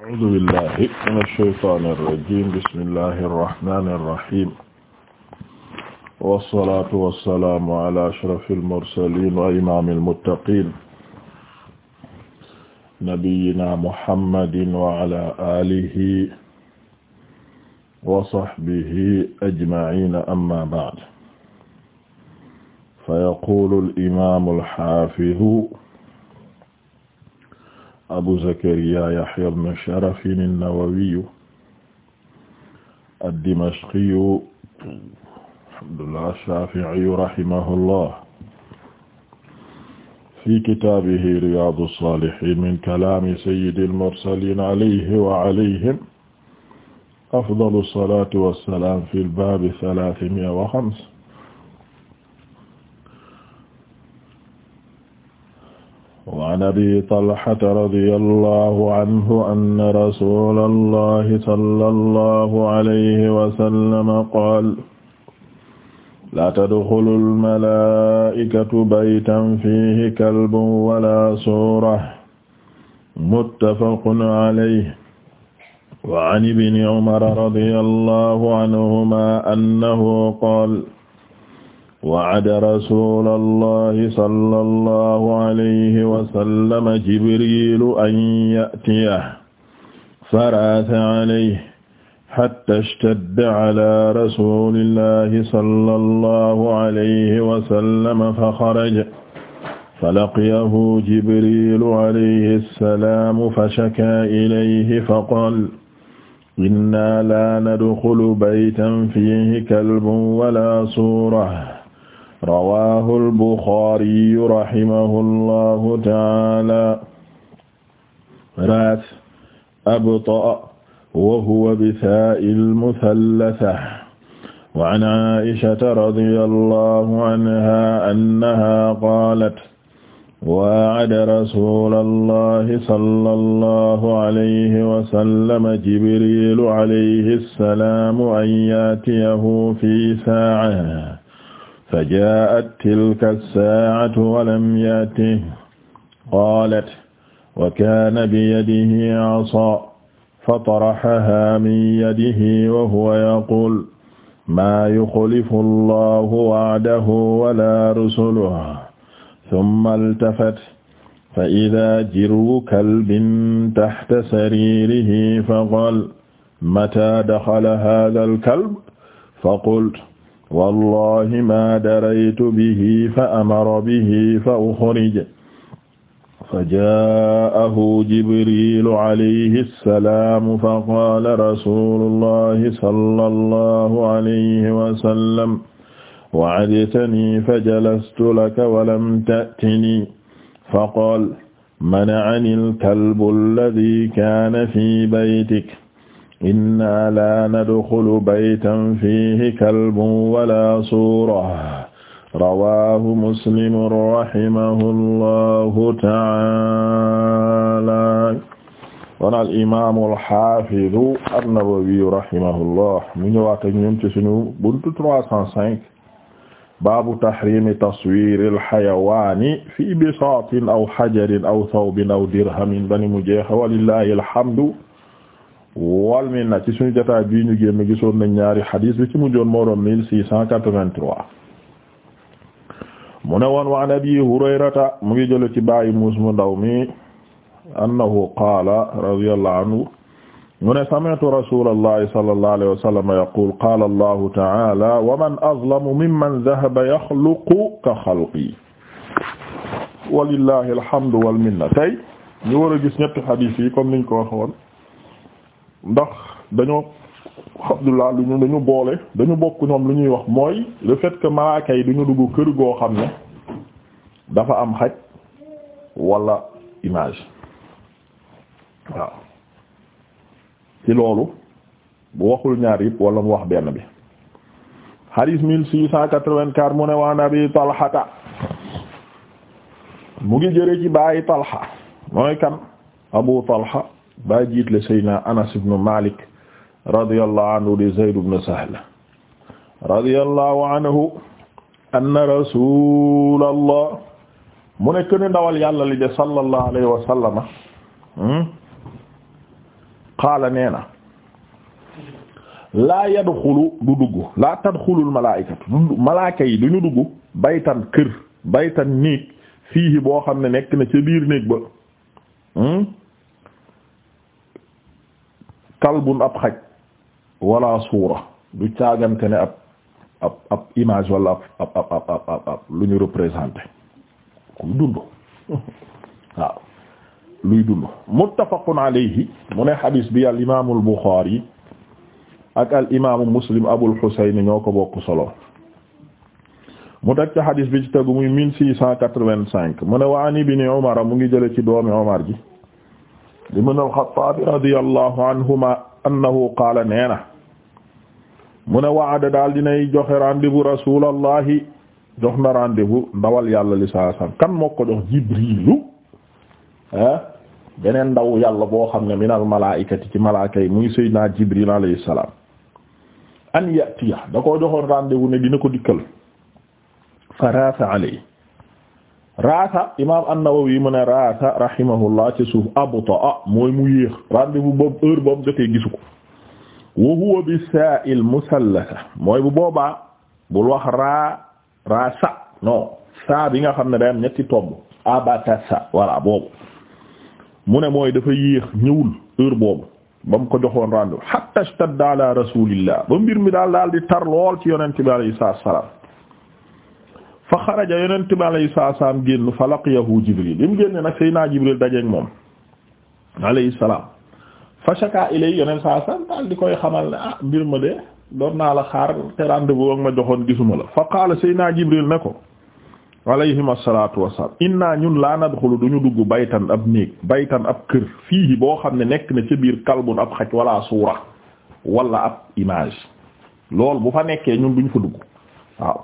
a'uuzu billahi mina shaytaani rajiim bismillahi rahmaani rahiim wassalaatu wassalaamu ala ashrafil mursaliin wa imaamil muttaqiin nabiyyinaa muhammadin wa ala aalihi wa sahbihi ajma'iina amma ba'd fa yaquulu al-imaamul haafizu abu zakariya yahya bnu sharafin an-nawawiyu ad-dimashqiyu alhamdulillah ash-shafi'iyu rahimahullah fi kitaabihi riyaadu saalihiin min kalaami sayyidil mursaliin alayhi wa alayhim afdalu salaatu wa salaam fil baabi salaasimi'a wa xamsa waan abi talxata radiyallahu anhu anna rasulallahi sallallahu alayhi wa sallam qaal laa tadxulul malaa'ikatu baytan fiihi kalbun wala suura muttafaqun alayhi wa an ibni umar radiyallahu anhumaa annahu qaal wacada rasula allahi sala allahu alayhi wasallama jibrilu an yatiyah faraata alayhi xatta stadda ala rasulillahi sala allahu alayhi wasallama faxaraja falaqiyahu jibrilu alayhi alsalaam fashakaa ilayhi faqaal inna laa nadxulu baytan fiihi kalbun wala suura rawahu albuxaariyu rahimahu llahu taala raas abtaa wa huwa bisaa'i almuthallasa wa an aishata radiya allahu anha annaha qaalat waacada rasula allahi salla allahu alayhi wasallama jibrilu alayhi alsalaam an yaatiyahu fi saaca fa jaa'at tilka as-saa'atu wa lam ya'tihi qaalat wa kaana biyadihi 'asaa fatarahahaa min yadihi wa huwa yaquul maa yuxlifu allahu wa'dahu wala rusuluhu summa iltafat fa idaa jirwu kalbin taxta sariirihi faqaala mataa daxala haadha alkalb faqultu wallahi ma daraytu bihi fa amara bihi fa uxrij fa jaahu jibrilu alayhi alsalaam fa qaala rasulullahi sallallahu alayhi wasallam wa'adtani fa jalastu laka walam ta'tini fa qaala mana'ani alkalbu alladhi kaana fi baytik inna la nadxulu baytan fiihi kalbun wala suura rawaahu muslim rahimahullahu ta'aala kon al imaamul xaafidu an-Nawawi rahimahullah mu ñëwaat ak ñun ci suñu buntu trois cent cinq baabu taxriimi taswiiril xayawaani fii bisaatin aw xajarin aw sawbin aw dirhamin bani mu jeex walillaahil hamdu wal minna ci suñu jotaay bii ñu génn gisoon nañ ñaari xadis bi ci mujjoon moo doon 1683 mu ne woon wa an abi hurayrata mu ngi jële ci bàyyi muus mu ndaw mi annahu qaala radiyallahu anhu mu ne sami'tu rasulallahi sallallahu alayhi wa sallam yaqul qaala allahu ta'ala wa man azlamu mimman dhahaba yaxluqu ka xalqi walillahi alhamdu wal minna tey ñu war a gis ñetti xadis yi comme niñ ko waxoon ndax dañoo Abdullah lu ñu dañu boole dañu bokk ñoom lu ñuy wax mooy le fait que malaaka yi duñu dugg kër goo xam ne dafa am xaj wala image waaw ci loolu bu waxul ñaar yi wala mu wax benn bi hadith mille six cent quatre-vingt-quatre mu ne waan abi talxata mu ngi jëre ci bàyyi talxa mooy kan abu talxa ba jiitle saydna anas ibnu malik radiyallahu anhu di zayd ibnu sahl radiyallahu anhu anna rasulallah mu nekk ni ndawal yàlla li de sallallahu alayhi wa sallama hmm? qaala nee na laa yadxulu du dugg laa tadxulul malaayikatu malaaka yi du ñu dugg baytan kër baytan néeg fiihi boo xam ne nekk na ca biir néeg ba hmm? kalbun ab xaj wala suura du caagante ne ab ab ab image wala ab ab ab ab lu ñu représenté kuy dund waaw luy dund muttafaqun alayhi mu ne xadis bi al imaamul Buxaari ak al imaamu Muslim Abul Husayn ñoo ko bokk solo mu teg ci xadis bi ci tegu muy mille six cent quatre-vingt-cinq mu ne wa an ibni mu ngi jële ci doomi Umar ji ibn al-Khattab radiyallahu anhuma annahu qaala nee na mu ne wa'ada daal dinay joxe rendez-vous rasulallahi jox na rendez-vous ndawal yàlla li kan moo jox Jibrilu ah beneen ndaw yàlla boo xam ne minal malaa'ikati ci malaaka yi muy Seydina Jibril alayhi an yatiya da koo joxoon rendez dina ko dikkal farasa alayhi raasa imaam an-Nawawi mu ne raasa rahimahullah ci suuf abtaa mooy mu yéex rendez-vous boobu heure boobu jotee gisu ko wa huwa bi saa'il musallasa mooy bu boobaa bul wax raa raasa non saa bi nga xam ne day ñetti tomb abatasa voilà boobu mu ne mooy dafa yéex ñëwul heure boobu ba ko joxoon rendez-vous hatta ishtadda ala rasulillah ba mbir mi daal daal di tar lool ci yonent bi alayhi salaam xaraja yonent bi alayhi salaam génn fa laqiyahu Jibril bi mu génne nag Seydina Jibril dajeeg moom alayhi salaam fa shaka ilay yonent saa salaam daal di koy xamal ne ah mbir ma de doon naa la xaar te rendez-vous ak ma joxoon gisuma la fa qaala Seydina Jibril ne ko alayhim assalaatu wassalaam naa ñun laa nadxulu ñu dugg baytan ab néeg baytan ab kër fii boo xam ne nekk na ca biir kalbun ab xaj wala suura wala ab image loolu bu fa nekkee ñun duñ fa dugg waaw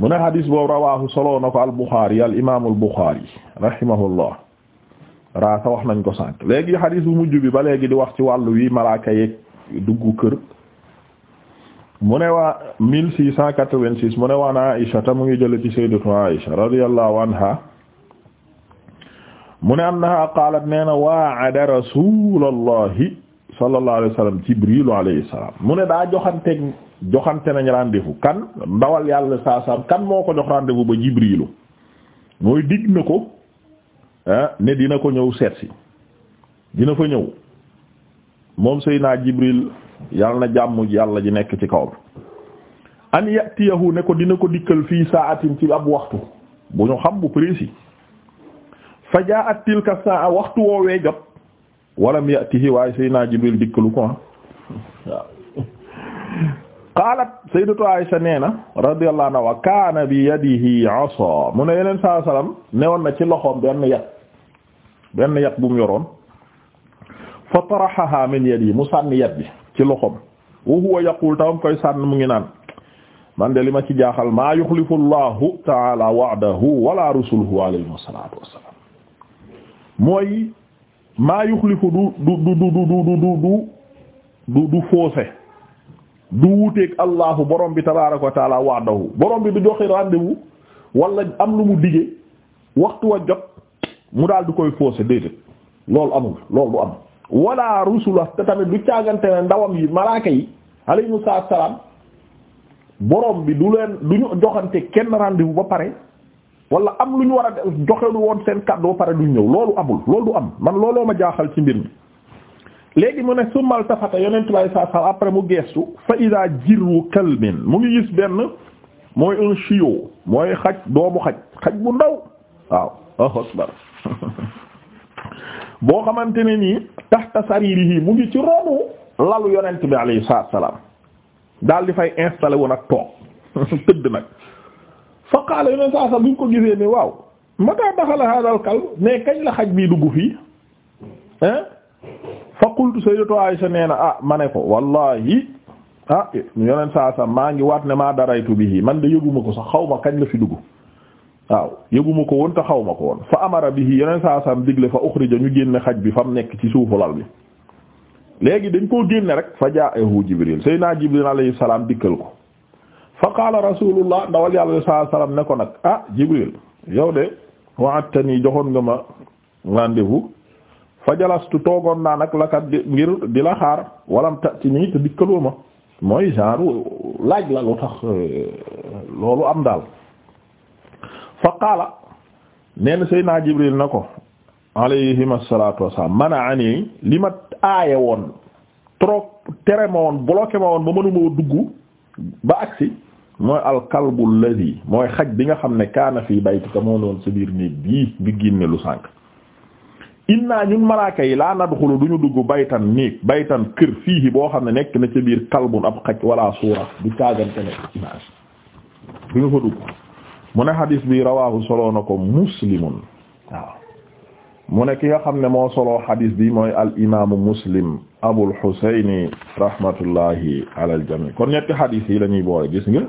mu ne xadis boobu rawaahu soloo na ko al Buxaari al imaamu al Buxaari rahimahullah wax nañ ko sànq léegi xadis bu mujj bi ba léegi di wax ci wàllu wi malaaka yeeg duggu kër mu ne waa mille six cent quatre-vingt-six mu ne waan Aïsha ta ngi jële ci sayyidatu Aïsha radiyallahu anha mu ne annaha qaalat nee na wa'ada rasulullahi sallallahu alayhi wa sallam Jibrilu alayhi salaam mu ne daa joxanteeg joxante nañ rendez-vous kan ndawal yàlla saa saam kan moo ko jox rendez-vous ba Jibrilu mooy digg na ko ah, ne dina ko ñëw seetsi dina fa ñëw moom naa Jibril yàlla jàmm yàlla ji nekk ci kawam an yatiyahu ne ko dina ko dikkal fii saatin ci ab waxtu bu ñu xam bu précis fa jaa'at tilka saa waxtu woowee jot walam yatihi waaye Seydina Jibril dikkalu ko ah. waaw qaalat sayyidatu Aisha nee na radiyallahu anha wa kaana bi yadihi asa mu ne yeneen saa salaam newoon na ci loxoom benn yat benn yat bu mu yoroon fa tarahaha min yadihi mu sànni yat bi ci loxoom wa huwa yaqul tamam koy sànn mu ngi naan man de li ma ci jaaxal maa yuxlifu Allahu ta'ala wa'dahu wala rusuluhu alayhi wassalatu wassalam mooy maa yuxlifu du du du du du du du du du foose du wuteeg allahu borom bi tabaaraka wa taala wa'dahu borom bi du joxe rendez-vous am lu mu dige waxtu wa jot mu daal du koy foose déedéet loolu amul loolu du am wala rusula te tamit du caagante ne ndawam yi malaaka yi alayhimu salaam borom bi du leen du ñu joxante kenn rendez ba pare wala am lu ñu war a joxelu woon seen kàddu pare duñ ñëw loolu amul loolu du am man looloo ma jaaxal ci mbir mi léegi mu ne summal tafata yonentu way saa saa après mu geestu fa ida jirwu kalbin mu ngi gis benn mooy un mooy xaj doomu xaj xaj bu ndaw waaw boo xamante ne nii taxta yi mu ngi ci ronu lalu yonent bi alayhi salaam daal di fay installé woon ak toog tëdd nag fa qaala yeneen saa sax bi ñu ko gisee ne waaw mata daxala hadal kalb mais kañ la xaj bi dugg fii hein fa qultu sayyidatu Aisha nee na ah ma ne ko wallahi ah yeneen saa sax maa ngi waat ne maa daraytu bihi man de yëguma ko sax xaw ma kañ la fi dugg waaw yëguma ko woon te xaw ma ko woon fa amara bihi yeneen saa sax digle fa uxrija ñu génne xaj bi fa mu nekk ci suufu lal bi léegi dañ koo génne rek fa jaahu Jibril Seydina Jibril alayhi salaam dikkal ko fa qaala rasulullah ndawal yàlla saa salaam ne ko nag ah Jibril yow de wa'adtani joxoon nga ma rendez-vous fa jalastu toogoon naa nag lakat di ngir di la xaar walam tati nii te dikkaloo ma mooy genre laaj la lu tax euh, loolu am daal fa qaala neen naa Jibril na ko alayhim assalatu wassalam mana'ani li ma aaye woon trop tere ma woon bloqué ma woon ba mënuma dugg ba agsi mooy alkalbu alladi mooy xaj bi nga xam ne kaana fii baytika moo doon sa biir néeg bii bi génne lu sànq inna ñun malaaka yi laa nadxulu duñu dugg baytan néeg baytan kër fiihi boo xam ne nekk na ca biir kalbun ab xaj wala suura du caagante ne image duñu fa dugg mu ne xadiis bi rawaahu solo na ko muslimun mu ne ki nga xam ne moo solo xadiis bi mooy al imaamu muslim abul xuseyni rahmatullahi ala al jamii kon ñetti xadiis yi la ñuy boole gis nga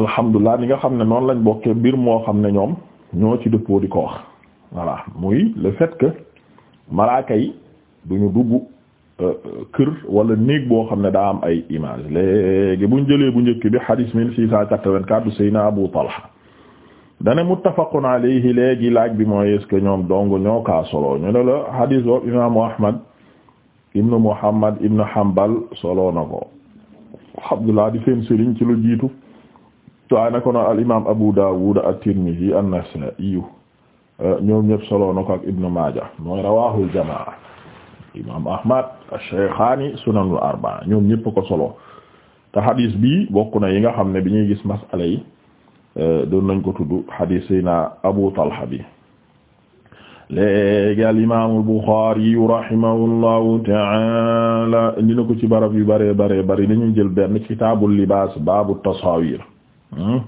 alhamdulilah ni nga xam ne noonu lañ bokkee mbir moo xam ne ñoom ñoo ci dëppoo di ko wax voilà muy le fait que malaaka yi duñu dugg euh, kër wala néeg boo xam ne daa am ay image léegi buñ jëlee bu njëkk bi hadith mille six cent quatre-vingt-quatre du Seyna Abu Talha dane muttafaqun alayhi léegi laaj bi mooy est-ce ñoom dong ñoo kaa solo ñu ne la hadith boobu imaamu Ahmad ibnu Muhammad ibnu Hanbal solo na ko Abdullah di seen sëriñ ci lu jiitu waaye na ko noonu al imaam Abu Dawud at-Tirmidhi an-Nasa'i ñoom ñëpp solo na ko ak Ibn Maaja mooy rawaahul jamaa imaam Ahmad ash-Shaykhaani sunanul arba'a ñoom ñëpp ko solo te hadis bi bokk na yi nga xam ne bi ñuy gis masala yi doon nañ ko tudd hadis yi naa Abu Talha bi léegi al imaamu Buxaari rahimahullahu ta'ala indi na ko ci barab yu bare bare bare dañuy jël benn kitaabul libaas baabu tasaawiir hmm?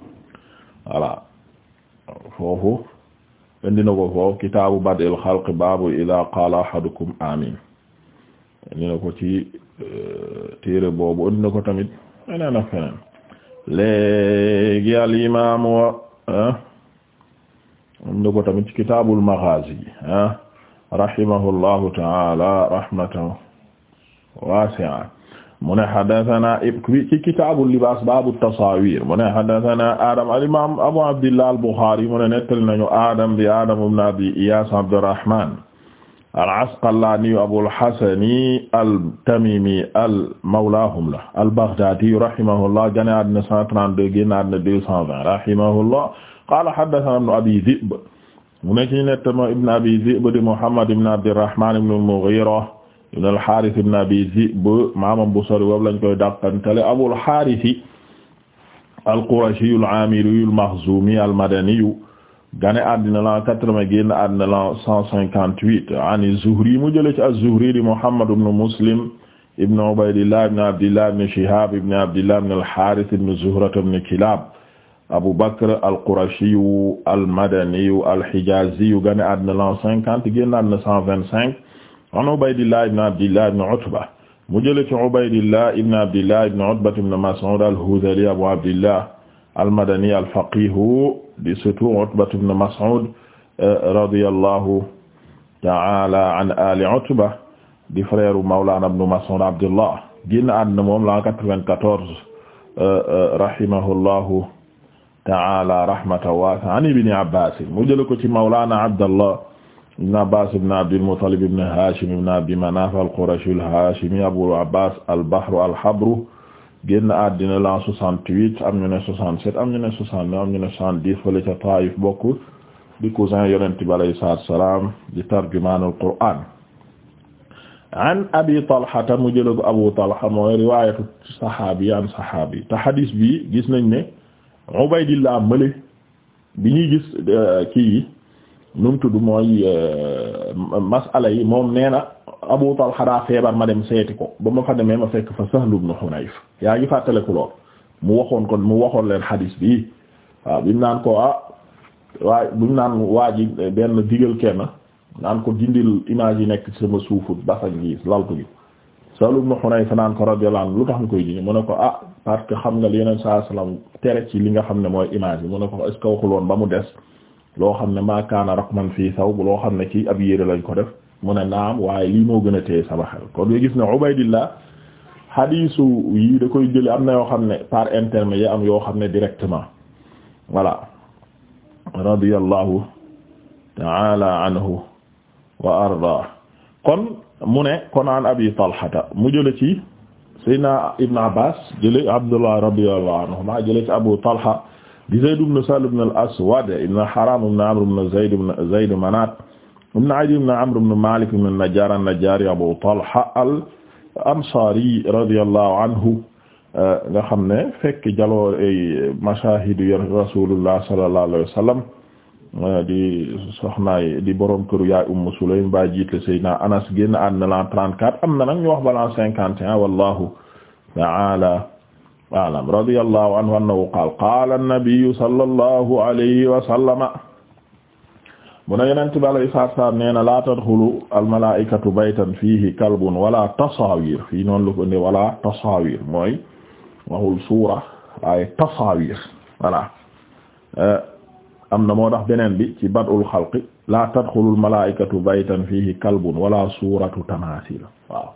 voilà foofu indi na ko baabu idaa qaala ahadukum amiin euh, tamit feneen ak am na ko tamit ci kitaabul maghaazi ah rahimahullahu taala rahmatan waasi'a mu ne haddathana ci kitaabul libaas baabu tasaawiir mu ne haddathana Adam al-imaam Abu Abdillah al-Bukhaari mu ne nettali nañu Adam bi Adam ibn Abi Iyaas Abdurrahmaan al-Asqalaani Abul Hasani al-Tamiimi al mawlaahum la al-Baghdaadi rahimahullah gane àddina 132 génn àddina 220 rahimahullah qaala haddathana ibnu abi Dhi'b mu ne ci nettama ibnu abi Dhi'b di Muhammad ibnu Abdirrahmaan ibnu al-Mughira ibnu al-Haaris ibnu abi Dhi'b maamam bu sori boobu lañ koy dàqantale Abul Haaris al-Qurashi al-Aamiri al-Makhzumi al-Madani gane àddina la 80 génn àddina la 158 ani Zuhri mu jële ci az-Zuhri di Muhammad ibnu Muslim ibnu Ubaydillah ibnu Abdillah ibnu Shihaab ibnu Abdillah ibnu al-Haaris ibnu Zuhra ibnu Kilaab Abu Bakr al-Qurashiyu al-Madaniyu al-Hijaziyu gane àddina l'an cinquante génn àddina cent vingt-cinq an Ubaydillah ibn Abdillah ibn Utba mu jële ci Ubaydillah ibn Abdillah ibn Utba ibn Mas'ud al-Hudhali Abu Abdillah al-Madani al-faqihu di surtout Utba ibn Mas'ud euh, radiyallahu ta'ala an ali Utba di frère Mawlana ibn Mas'ud Abdullah génn àddina moom l'an quatre-vingt-quatorze euh, euh, rahimahullahu taala rahmatan waasi'atan an ibni Abbaas mu jële ko ci mawlaana Abdallah ibn Abbaas ibn Abdil Muttalib ibn Haashim ibn Abdi Manaaf al-Qurashi al-Haashimi Abul Abbaas al-Bahru al-Habru génn àddina la 68 am ñu ne 67 am ñu ne 69 am ñu ne 70 fële ca Taayif bokk di cousin Yonent bi alayhi salaatu wa salaam di tarjumaanul Qur'aan an abi Talha mu jële ko Abu Talha mooy riwaayatu saxaabi an saxaabi te hadiis bi gis nañ ne Ubaydillah mële bi ñuy gis euh, kii yi nu mu tudd mooy euh, masala yi moom nee na Abu Talha feebar ma dem seeti ko ba ma fa demee ma fekk fa Sahl ibn Hunayf yaa ngi fàttaleku lool mu waxoon kon mu waxoon leen xadiis bi waaw bi mu naan ko ah waaye bi mu naan waa ji benn digal kenn naan ko dindil image yi nekk sama suufu basañ gi laltu gi Sahl ibn Hunayf naan ko radiyallahu anhu lu tax nga koy dindi mu ne ko ah parce que xam nga li yeneen saa salaam tere ci li nga xam ne mooy image yi mu ne ko est ce que waxuloon ba mu des loo xam ne maa kaana raqman fii saw bu loo xam ne ci ab yére lañ ko def mu ne naam waaye lii moo gën a téye sama xel kon nga gis ne Ubaydillah xadiisu yi da koy jële am na yoo xam ne par intermédiaire yi am yoo xam ne directement voilà radiyallahu ta'ala anhu wa arda kon mu ne kon an abi talhata mu jële ci saydna ibne abbas jële abdullah radiyallahu anhuma jële ci abu talha di zayd ibn sahl ibn al aswad ibn haram ibn amr ibn zayd ibn zayd manat ibn adi ibn amr ibn malik ibn najjar an-najjari abu talha al ansari radiyallahu anhu eh, nga xam ne fekk jaloo ay mashahidu rasulullah sallallahu alayhi wa sallam Euh, di soxnaay di borom këru yaay Ummu Sulaym ba jiitle Seydina Anas génn àddina l'an 34 am na nag ñu wax ba l'an 51 wallahu ta'ala a'lam radiyallahu anhu annahu qaala qaala an-nabiyyu sallallahu alayhi wa sallama mu ne yonent bi alayhi salaatu salaam nee na laa tadxulu al-malaa'ikatu baytan fiihi kalbun wala tasaawir fii noonu la ko ne wala tasaawir mooy waxul suura ay tasaawir voilà euh, am na moo tax beneen bi ci badul xalqi la tadxulul malaikatu baytan fihi kalbun wala suuratu tamasil waaw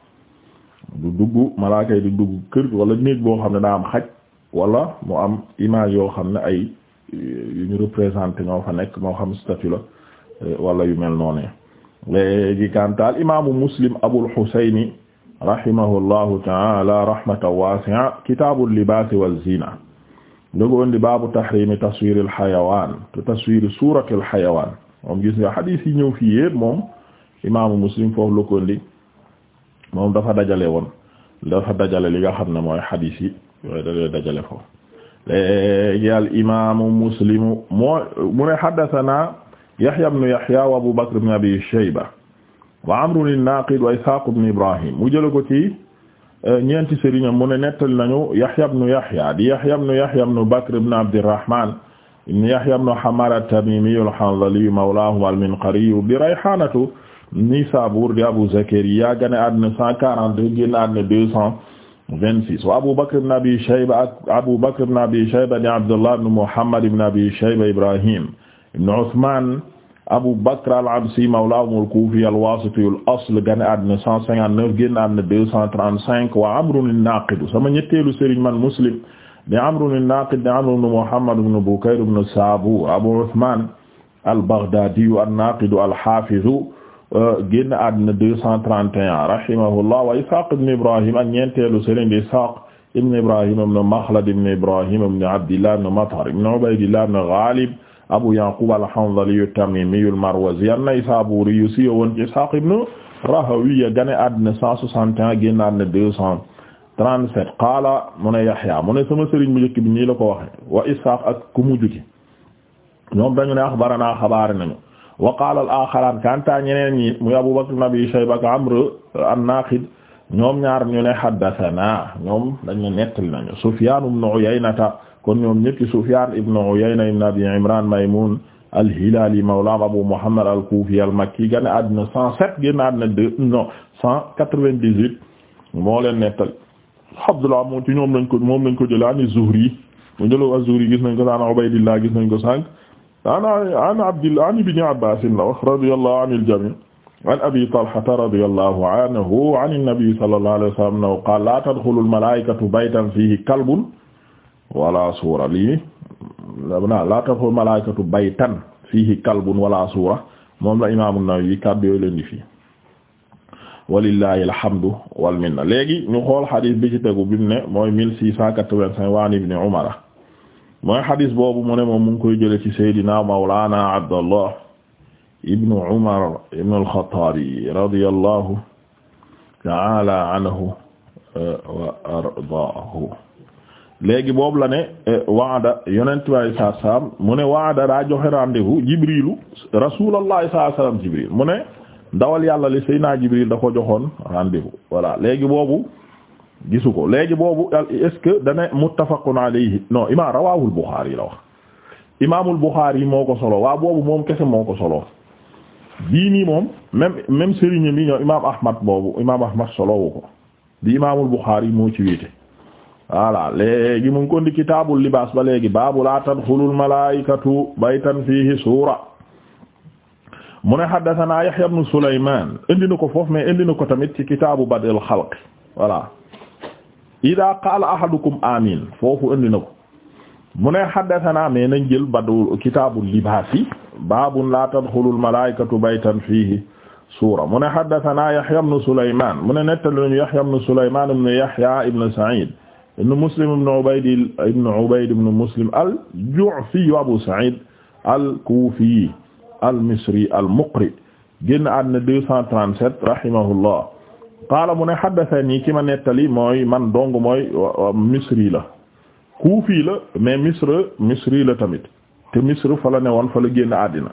du dugg malaaka yi du dugg kër wala néeg boo xam ne daa am xaj wala mu am image yoo xam ne ay yu ñu représenté ñoo fa nekk moo xam statue la euh, wala yu mel noonee léegi kantaal imaamu muslim abul xusayni rahimahullahu taala rahmatan wasi'a kitaabul libaasi waz zina ndogo indi baabu tahrimi taswir al xayawaan te taswir suurat al xayawaan moom gis nga xadiis yi ñëw fii yépp moom imaamu muslim foofu la ko indi moom dafa dajale woon dafa dajale li nga xam ne mooy xadiis yi yooyu dalee dajale foofu léegi al imaamu muslimu moo mu ne xaddasanaa yaxya bnu yaxya wa abu bakr bnu abi shayba wa amrun an-naaqid wa ishaaq bnu ibrahim mu jële ko ci Euh, ñeenti sëriñam mu ne nettali nañu Yahya ibn Yahya di Yahya ibn Yahya ibn Bakr ibn Abdirrahman ibn Yahya ibn Hamara at-Tamimi al-Hanzali mawlahum al-Minqari di Rayhanatu Nisabur di Abu Zakariya gane àddina 142 génn àddina 226 wa Abu Bakr ibn Abi Shayba ak Abu Bakr ibn Abi Shayba di Abdullah ibn Muhammad ibn Abi Shayba Ibrahim ibn Uthman Abu Bakr al-Absi mawlaahum al-Kuufi al-Waasiti al-asl gane àddina 159 génn àddina 235 wa Amr an-Naaqid sama ñetteelu sëriñ man Muslim di Amr an-Naaqid di Amr ibn Muhammad ibn Bukayr ibn Saabu Abu Usmaan al-Baghdaadi an-Naaqid al-Haafiz euh, génn àddina 231 rahimahullah wa Ishaaq ibn Ibraahiim ak ñeenteelu sëriñ di Ishaaq ibn Ibraahiim ibn Makhlad ibn Ibraahiim ibn Abdillah ibn Matar ibn Ubaydillah ibn Ghaalib Abu Yaqub al-Hanzali at-Tamimi al-Marwazi an-Naysaburi yu siiw woon ci Ishaq ibn Rahawiya gane àddina 161 génn àddina 237 qaala mu ne mu ne bu njëkk bi la ko waxe wa Ishaq ak ku mujj ki ñoom dañu ne axbaranaa xabaar nañu wa qaala al-aaxaraan kanta ñeneen ñi muy Abu Bakr ibn ñoom ñaar ñu ne haddasanaa ñoom dañu nañu Sufyaan ibn Uyaynata kon ñoom ñetti Sufyan ibn Uyayna ibn Abi Imran Maymun al-Hilali mawla Abu Muhammad al-Kufi al-Makki gane àddina 107 génn àddina 2 non 198 moo leen nettal Abdullah moom ci ñoom lañ ko moom lañ ko jëlee ani Zuhri mu jëloo az-Zuhri gis nañ ko saan Ubaydillah gis nañ ko sànq ana an Abdillah an ibn Abbas la wax radiyallahu anil jami' an abi talhata radiyallahu anhu an an-nabi sallallahu alayhi wa sallam qala la tadkhulu al-malaikatu baytan fihi kalbun wala suura lii na laa taxul malaykatu baytan fiihi kalbun wala suura moom la imaamu Nawawi kàddu yooyu leen di fii walillahi alhamdu wal minna léegi ñu xool xadis bi ci tegu bi mu ne mooy waan ibni Umar mooy xadis boobu mu ne moom mu ci Seydina Mawlana Abdallah ibnu Umar ibnu al-Khattabi radiyallahu ta'ala anhu wa ardaahu léegi boobu la ne eh, waada yonent bi alayhi salaatu mu ne waada daa joxe rendez-vous jibrilu rasuulullahi salaatu jibril mu ne ndawal yàlla li Seydina jibril da ko joxoon rendez-vous voilà léegi boobu gisu ko léegi boobu est-ce que dane muttafaqun alayhi non imam rawaahul Buxaari la wax imaamul Buxaari moo ko solo waa boobu moom kese moo ko solo bii nii moom même même sëriñ bi ñoo imam Ahmad boobu imam Ahmad solowu ko di imaamul Buxaari moo ci wéete voilà léegi mu ngi ko ndi kitaabul libaas ba léegi baabu laa tadxulul malaa'ikatu baytan fiihi suura mu ne haddasanaa Yahya ibnu Sulaymaan indi na ko foofu mais indi na ko tamit ci kitaabu bad'il xalq voilà idaa qaala ahadukum amiin foofu indi na ko mu ne haddasanaa mais nañ jël badu kitaabul libaas yi baabun laa tadxulul malaa'ikatu baytan fiihi suura mu ne haddasanaa Yahya ibnu Sulaymaan mu ne nettali nañu Yahya ibnu Sulaymaan ibnu Yahya ibnu Sa'iid ibn Muslim ibn Ubayd ibn Ubayd ibn Muslim al-Ju'fi Abu Sa'id al-Kufi al-Misri al-Muqri génn àddina 237 rahimahullah qaala mu ne haddathanii ki ma nettali mooy man dong mooy Misri la Kufi la mais Misri Misri la tamit te Misri fa la ne woon fa la génn àddina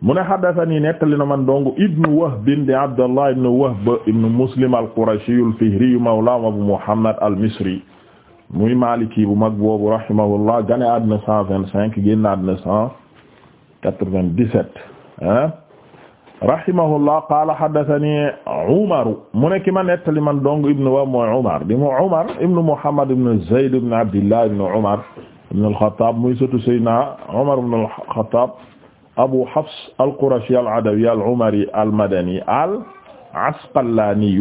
mu ne haddathanii nettali na man dong Ibn Wahb di Abdallah Ibn Wahb Ibn Muslim al-Qurashi al-Fihri mawla Abu Muhammad al-Misri muy Maliki bu mag boobu rahimahullah gane àddina cent vingt cinq génn àddina cent quatre-vingt-dix-sept ah rahimahullah qaala haddathani Umar mu nekk ma nettali man dong ibn wa mooy Umar di mu Umar ibn Muhammad ibn Zayd ibn Abdillah ibn Umar ibn al-Khattab muy sëtu Seydina Umar ibn al-Khattab Abu Hafs al-Qurashi al-Adawi al-Umari al-Madani al-Asqalani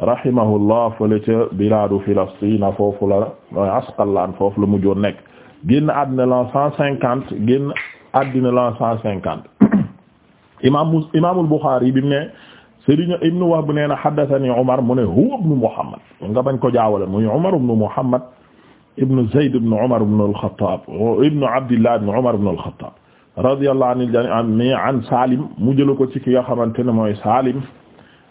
rahimahullah fële ca biladu Filastina foofu la mooy Asqalaan foofu la mujjoon nekk génn àddina la cent cinquante génn àddina la cent cinquante imaam imaamul Buxaari bi mu ne Serigne Ibnu Wahb nee na haddathani Umar mu ne huwa ibnu Muhammad nga bañ ko jaawale muy Umar ibnu Muhammad ibnu Zayd ibnu Umar ibnu al-Khattab ibnu Abdillah ibnu Umar ibnu al-Khattab radiyallahu anil jamii an Salim mu jël ko ci ki nga xamante ne mooy Salim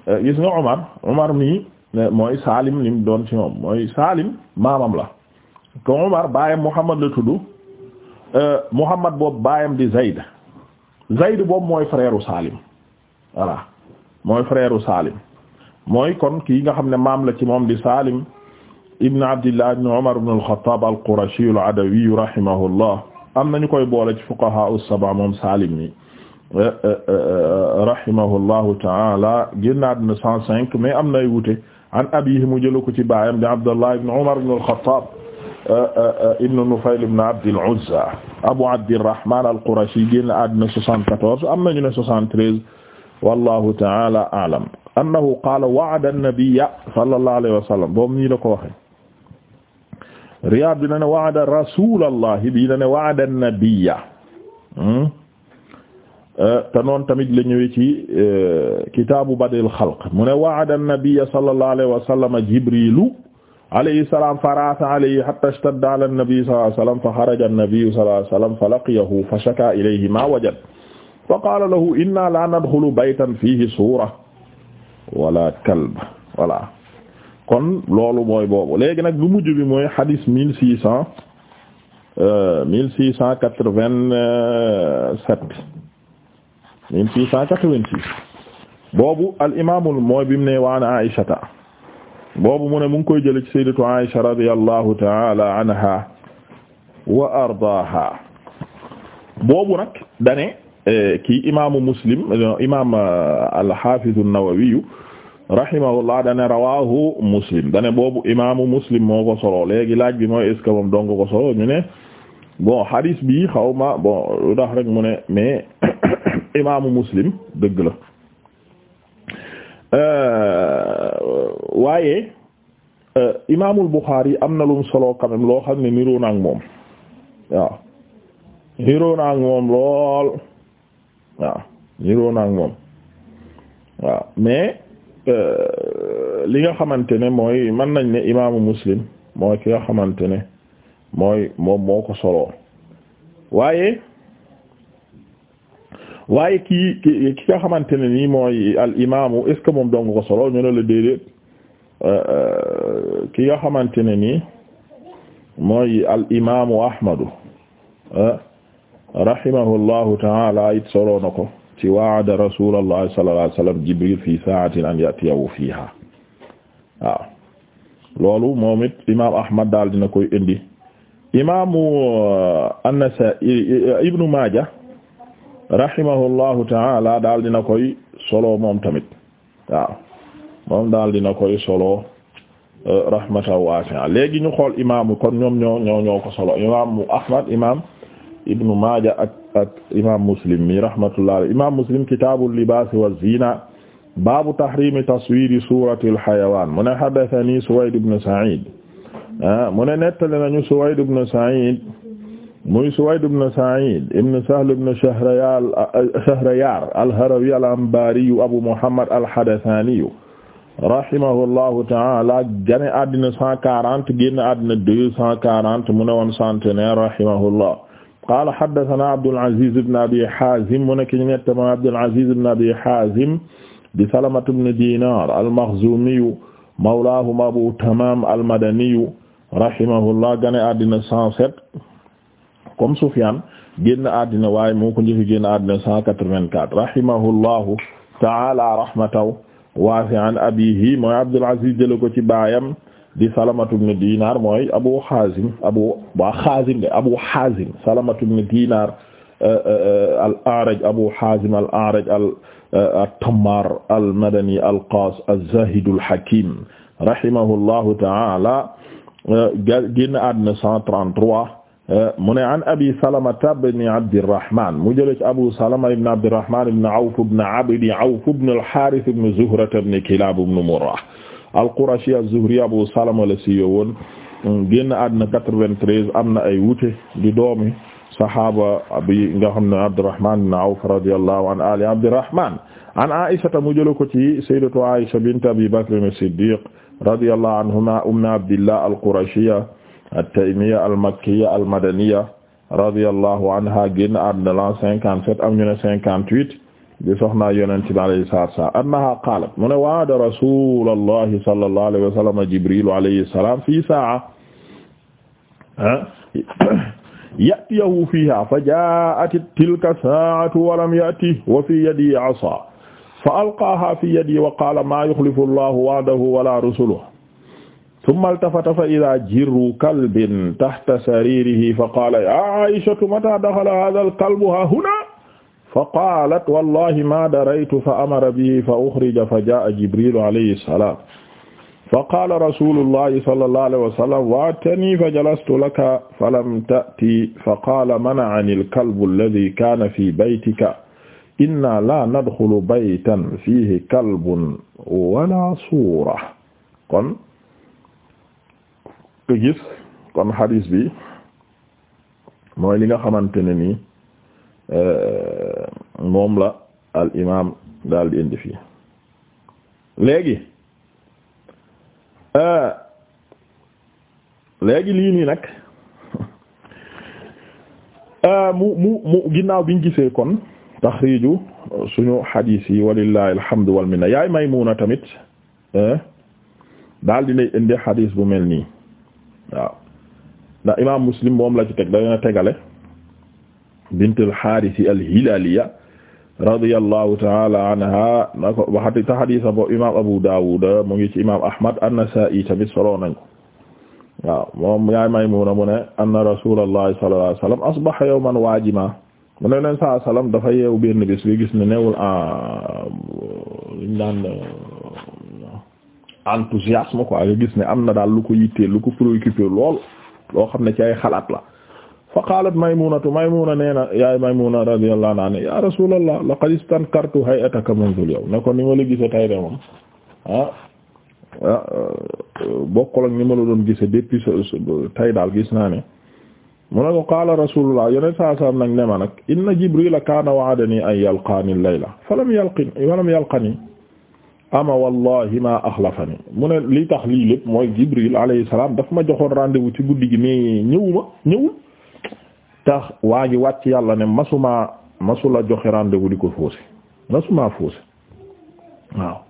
Euh, gis nga Omar Omar mii mooy saalim lim doon ci moom mooy Salim maamam la ko Omar baayam Muhammad la tudd euh, Muhammad boobu baayam di Zayd Zayd boobu mooy frère Salim voilà mooy frère Salim mooy kon kii nga xam ne maam la ci moom di saalim ibn Abdillah ibn Umar ibn al-Khattab al-Qurashi al-Adawi rahimahullah am nañu koy boole ci fuqaha saba moom saalim nii Euh, euh, euh, rahimahullahu ta'ala génnaat na cent cinq mais am nay wute an abiihi mu jëla ko ci baayam di Abdullah ibn Umar ibn al-Khattab ibn Nufayl ibn Abd al-Uzza Abu Abdirrahman al-Qurashi génn àddina soixante-quatorze am nañu ne soixante-treize wallahu ta'ala a'lam annahu qaala wa'ada an-nabiyya sallallahu alayhi wa sallam boobu nii la ko waxe Riyaad bi na ne wa'ada rasuulallahi bi na ne wa'ada an-nabiyya hmm? Euh, te noonu tamit la ñëwee ci euh, kitaabu badil xalq mu ne wa'ada an-nabiyya sallallahu alayhi wa sallam jibrilu alayhi salaam farasa alayhi hatta ishtadda ala an-nabi sallallahu alayhi wa sallam fa xaraja an-nabi sallallahu alayhi wa sallam fa laqiyahu fa shaka ilayhi ma wajad fa qaala lahu inna la nadxulu baytan fihi suura wala kalb voilà kon loolu mooy boobu léegi nag bu mujj bi mooy hadis mille six cent euh, mille six cent quatre-vingt-sept mille six cent boobu al mooy bi mu boobu mu ne koy jële ci sayyidatu Aïsha radiyallahu ta'ala anha wa ardaaha boobu nag dane eh, kii imaamu Muslim imaam eh, al-Hafiz an-Nawawi dane rawahu Muslim dane boobu imaamu Muslim moo ko solo laaj bi mooy est-ce que moom dong ko hadis bi xaw ma bon rek mu ne imaamu muslim dëgg la euh, waaye euh, imaamul Buxaari am na lum solo quand loo xam ne niroo na ak moom waaw niroo moom lool waaw niroo moom waaw mais euh, li nga xamante ne mooy mën nañ ne imaamu muslim mooy ki nga xamante ne mooy moom moo ko soloo waaye waaye kii ki nga xamante ne nii mooy al imaamu est ce moom dong ko solo ñu ne la déedéet euh, euh, ki nga xamante ne nii mooy al imaamu Ahmadu euh, rahimahullahu taala it solo na ko ci wa'ada rasuulullahi sallallahu alayhi wa sallam Jibril fi sa'atin an ya'tiyahu fiiha waaw loolu moom it imaam Ahmad daal dina koy indi imaamu An-Nasaa'i Maaja rahimahullahu taala daal dina koy solo moom tamit waaw moom daal dina koy solo euh, rahmatan wasi'a léegi ñu xool imaamu kon ñoom ñoo ñoo ñoo ko solo imaamu Ahmad imaam Ibnu Maaja ak ak imaam Muslim mi rahmatullahi imaam Muslim kitaabul libaas wa ziina baabu tahriimi taswiiri suuratil xayawaan mu ne haddathanii Suwayd ibn Sa'iid ah, mu ne nettali nañu Suwayd ibn Sa'iid muy Suwayd ibn Sa'id ibn Sahl ibn Shahriyar al-Harawi al-Anbari Abu Muhammad al-Hadathani rahimahullahu ta'ala gane àddina cent quarante génn àddina deux cent quarante mu ne woon centenaire rahimahullah qala haddathana Abdul Aziz ibn Abi Hazim mu nekk ñu nettama Abdul Aziz ibn Abi Hazim di Salama ibn Dinar al-Makhzumi mawlahum Abu Tamam al-Madani rahimahullah gane àddina cent sept comme Sufyan génn àddina waaye moo ko njëkk génn àddina cent quatre-vingt-quatre rahimahullahu ta'ala rahmatan wasi'an abihi mooy Abdul Aziz jële ko ci baayam di Salamatu ibn Dinar mooy Abu Hazim Abu waa Hazim de Abu Hazim Salamatu ibn Dinar euh, euh, al-A'raj Abu Hazim al-A'raj euh, at-Tammar al-Madani al-Qaas az-Zahid al-Hakim rahimahullahu ta'ala génn àddina cent trente-trois mu ne an abi salamata bni abdirahman mu jële ci abou salama ibne abdirahman ibne awf ibne abdi awf ibne alharis ibne zohrata ibne kilab ibne mourra alqourachi azzohri abou salama la si yo woon génn àddina 93 am na ay wute di doomi sahaaba bi nga xam ne abdirahman ibne awf radiallahu an ali abdirahman an aisata mu jële ko ci sayyidatu aisha bint abi bakr as-siddiq radiyallahu anhuma ummu abdillah alqourachiya at-Taymiyya al-Makkiyya al-Madaniyya radiyallahu anha génn àdduna la cinquante-sept am ñu ne cinquante-huit di soxna Yonent bi alayhi salaatu wa salaam annaha qaalat mu ne wa'ada rasuulullahi sallallahu alayhi wa sallam Jibriil alayhi salaam fii saa'a ah, ya'tiyahu fiihaa fajaa'at tilka saa'atu wa lam ya'tihi wa fii yadihi 'asaa fa alqaahaa fii yadihi wa qaala maa yukhlifu Allahu wa'dahu wa laa rusuluhu tumma altafata fa ida jirru kalbin taxta saririhi fa qaala ya aishatu mata daxala hada alkalbu ha huna fa qaalat wallahi ma daraytu fa amara bihi fa uxrija fa jaa jibrilu alayhi salaam fa qaala rasulullahi sallallahu alayhi wa sallam waatani fa jalastu laka falam ta'ti fa qaala mana'ani alkalbu alladi kaana fi baytika inna la nadxulu baytan fiihi kalbun wala suura kon gis kon hadis bi mooy li nga xamante ne nii euh, moom la al imaam daal di indi fii léegi euh, léegi lii nii nag euh, mu mu mu ginnaaw biñ gise kon taxriiju suñu hadis yi walillahi alhamdu wal minna yaay Maymuna tamit daal di lay indi hadis bu mel nii. waaw ndax imaam muslim moom la ci teg da na tegale bint al-Haaris al-Hilaaliya radiyallahu ta'ala anha na ta hadiisa imaam Abu Daawud imaam Ahmad an-Nasaa'i tamit solo nañ ko waaw moom yaay Maymuna mu ne anna rasuulallahi sallallahu alayhi wa sallam asbaha yawman waajima mu ne leen saa sallam dafa yeewu benn bés bi gis ne neewul a ah, liñ enthousiasme quoi nga gis ne am na daal lu ko yittee lu ko préoccupé lool loo xam ne ci ay xalaat la fa qalat maymunatu maymuna nee na yaay maymuna radiyallahu anha ya rasulallah laqad istankartu hay'ataka منذ اليوم ne ko ni ma la gise tay de moom ah, ah ni ma la doon gise depuis tay daal gis naa ne mu ne ko qaala rasulullah yonent saa salam nag ne ma nag inna jibrila kana wa'adani an yalqani layla falam yalqini yalqani ama wallahi ma axlafani mu ne li tax lii lépp mooy Jibril alayhi salaam dafa ma joxoon rendez-vous ci guddi gi mais ñëwuma ñëwul tax waa ngi wàcc yàlla ne masumaa masula joxe rendez-vous di ko faussé masuma faussé waaw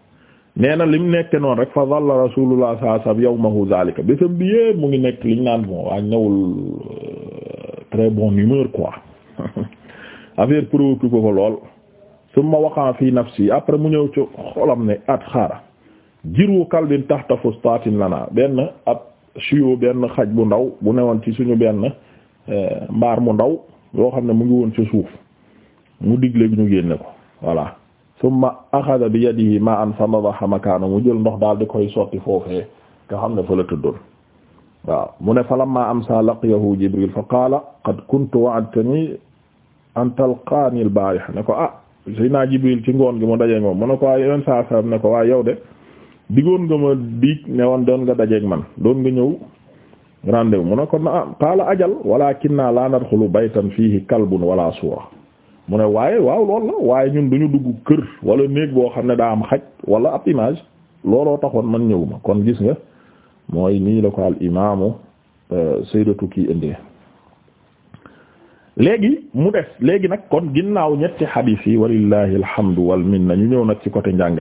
nee na lim nekk noonu rek fa dhalla rasulullah sallallahu alayhi wasallam yawmahu zalika bésam bi yépp mu ngi nekk liñ naan bon waa ñëwul euh, très bonne humeur quoi affaire préoccupé ko lool summa waqa fi nafsi après mu ñëw ci xolam ne at xaara jiru kalbin tahta fustatin lana benn ab chiot benn xaj bu ndaw bu newoon ci suñu benn eh, mbaar mu ndaw yoo xam ne mu ngi woon ci suuf mu digle ñu génne ko voilà summa axada bi yadihi ma an famadaha makaana mu jël ndox daal di koy sotti foofee nga xam ne fa la tëddoon waaw mu ne fa lamma amsa laqiyahu jibril fa qaala qad kuntu wa'adtani an talqaani al-baariha ne ko ah Seydina Jibril ci ngoon gi mu dajeeg moom mu ne ko waaye yeneen saa saa ne ko waaye yow de diggoon nga ma diig ne woon doon nga dajeeg man doon nga ñëw rendez-vous mu ne ko na qaala ajal walaakinnaa laa nadxulu baytan fiihi kalbun wala suura mu ne waaye waaw loolu la waaye ñun duñu dugg kër wala néeg boo xam ne daa am xaj wala ab image looloo taxoon man ñëwuma kon gis nga mooy nii la ko al imaamu euh, sayyidatu kii indee léegi mu des léegi nag kon ginnaaw ñetti xadiis yi walillahi alhamdu wal minna ñu ñëw nag ci côté njàng